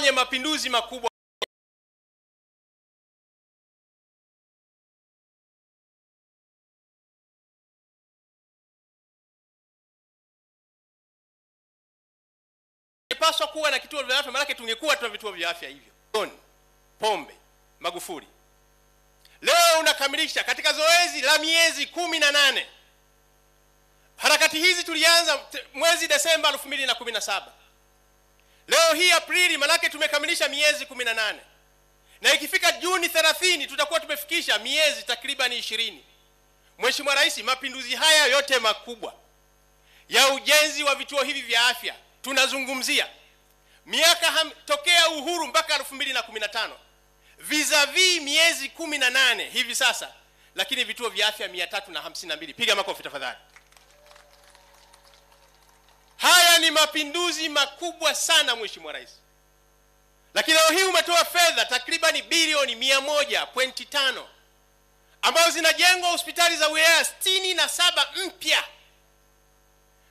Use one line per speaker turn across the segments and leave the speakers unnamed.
tufanye mapinduzi makubwa paswa kuwa na kituo vya afya, maanake tungekuwa tuna vituo vya afya hivyo. John Pombe Magufuli leo unakamilisha katika zoezi la miezi kumi na nane. Harakati hizi tulianza mwezi Desemba elfu mbili na kumi na saba. Leo hii Aprili, manake tumekamilisha miezi kumi na nane na ikifika Juni 30 tutakuwa tumefikisha miezi takribani ishirini. Mheshimiwa Rais, mapinduzi haya yote makubwa ya ujenzi wa vituo hivi vya afya tunazungumzia miaka ham, tokea uhuru mpaka 2015 vizavi miezi kumi na nane hivi sasa, lakini vituo vya afya mia tatu na hamsini na mbili. Piga makofi tafadhali. mapinduzi makubwa sana Mheshimiwa Rais, lakini leo hii umetoa fedha takribani bilioni mia moja pointi tano ambazo zinajengwa hospitali za wilaya sitini na saba mpya.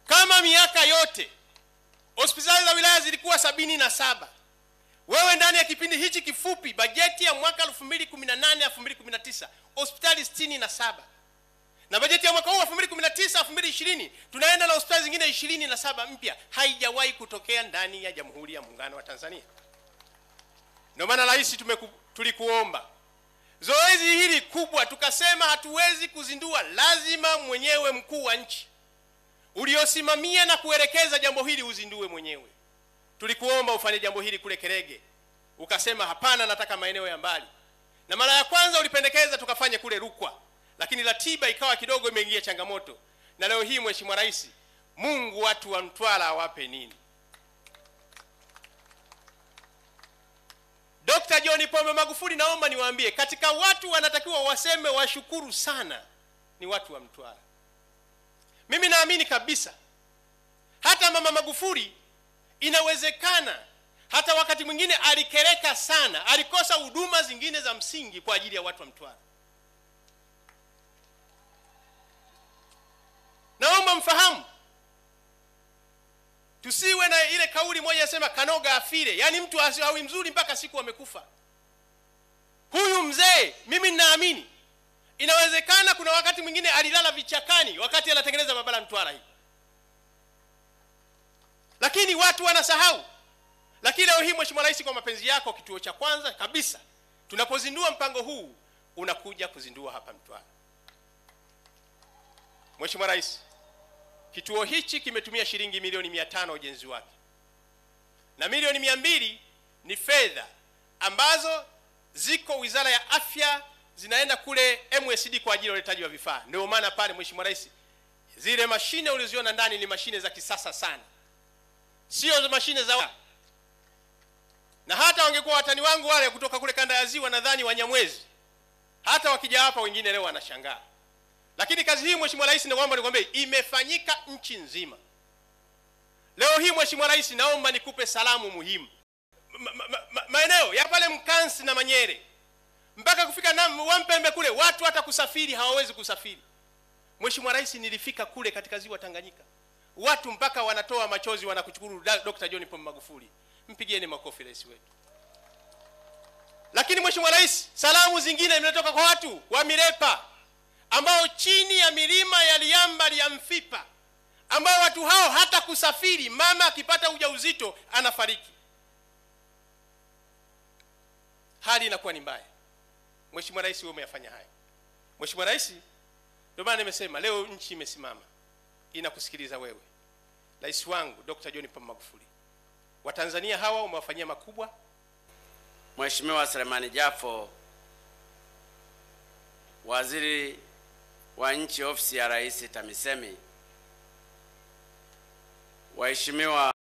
Kama miaka yote hospitali za wilaya zilikuwa sabini na saba wewe ndani ya kipindi hichi kifupi, bajeti ya mwaka 2018 2019 hospitali sitini na saba na bajeti ya mwaka huu 2019 2020 tunaenda na hospitali zingine 27 mpya, haijawahi kutokea ndani ya Jamhuri ya Muungano wa Tanzania. Ndio maana rais, tulikuomba zoezi hili kubwa, tukasema hatuwezi kuzindua, lazima mwenyewe mkuu wa nchi uliosimamia na kuelekeza jambo hili uzindue mwenyewe. Tulikuomba ufanye jambo hili kule Kerege, ukasema hapana, nataka maeneo ya mbali, na mara ya kwanza ulipendekeza tukafanye kule Rukwa lakini ratiba ikawa kidogo imeingia changamoto, na leo hii Mheshimiwa Rais, Mungu watu wa Mtwara awape nini? Dkt. John Pombe Magufuli, naomba niwaambie, katika watu wanatakiwa waseme washukuru sana ni watu wa Mtwara. Mimi naamini kabisa hata Mama Magufuli inawezekana hata wakati mwingine alikereka sana, alikosa huduma zingine za msingi kwa ajili ya watu wa Mtwara. naomba mfahamu tusiwe na ile kauli moja yasema kanoga afile, yaani mtu hawi mzuri mpaka siku amekufa. Huyu mzee mimi ninaamini inawezekana kuna wakati mwingine alilala vichakani wakati anatengeneza barabara Mtwara hii, lakini watu wanasahau. Lakini leo hii, Mheshimiwa Rais, kwa mapenzi yako, kituo cha kwanza kabisa tunapozindua mpango huu unakuja kuzindua hapa Mtwara. Mheshimiwa Rais, Kituo hichi kimetumia shilingi milioni mia tano ujenzi wake, na milioni mia mbili ni fedha ambazo ziko Wizara ya Afya zinaenda kule MSD kwa ajili ya uletaji wa vifaa. Ndio maana pale, Mheshimiwa Rais, zile mashine uliziona ndani ni mashine za kisasa sana, sio mashine za na hata wangekuwa watani wangu wale kutoka kule kanda ya Ziwa, nadhani Wanyamwezi, hata wakija hapa wengine leo wanashangaa. Lakini kazi hii Mheshimiwa Rais, naomba nikwambie, imefanyika nchi nzima. Leo hii Mheshimiwa Rais, naomba nikupe salamu muhimu. Ma, ma, ma, maeneo ya pale Mkansi na Manyere mpaka kufika na Wampembe kule, watu hata kusafiri hawawezi kusafiri. Mheshimiwa Rais, nilifika kule katika ziwa Tanganyika, watu mpaka wanatoa machozi wanakushukuru Dr. John Pombe Magufuli. Mpigieni makofi rais wetu. Lakini Mheshimiwa Rais, salamu zingine zinatoka kwa watu wa Mirepa ambao chini ya milima ya Liambali ya Mfipa, ambao watu hao hata kusafiri, mama akipata ujauzito anafariki. Hali inakuwa ni mbaya. Mheshimiwa Rais, wewe umeyafanya haya. Mheshimiwa Rais, ndio maana nimesema leo nchi imesimama inakusikiliza wewe, rais wangu Dr. John Pombe Magufuli. Watanzania hawa umewafanyia makubwa.
Mheshimiwa Selemani Jafo, waziri wa nchi ofisi ya Rais TAMISEMI, waheshimiwa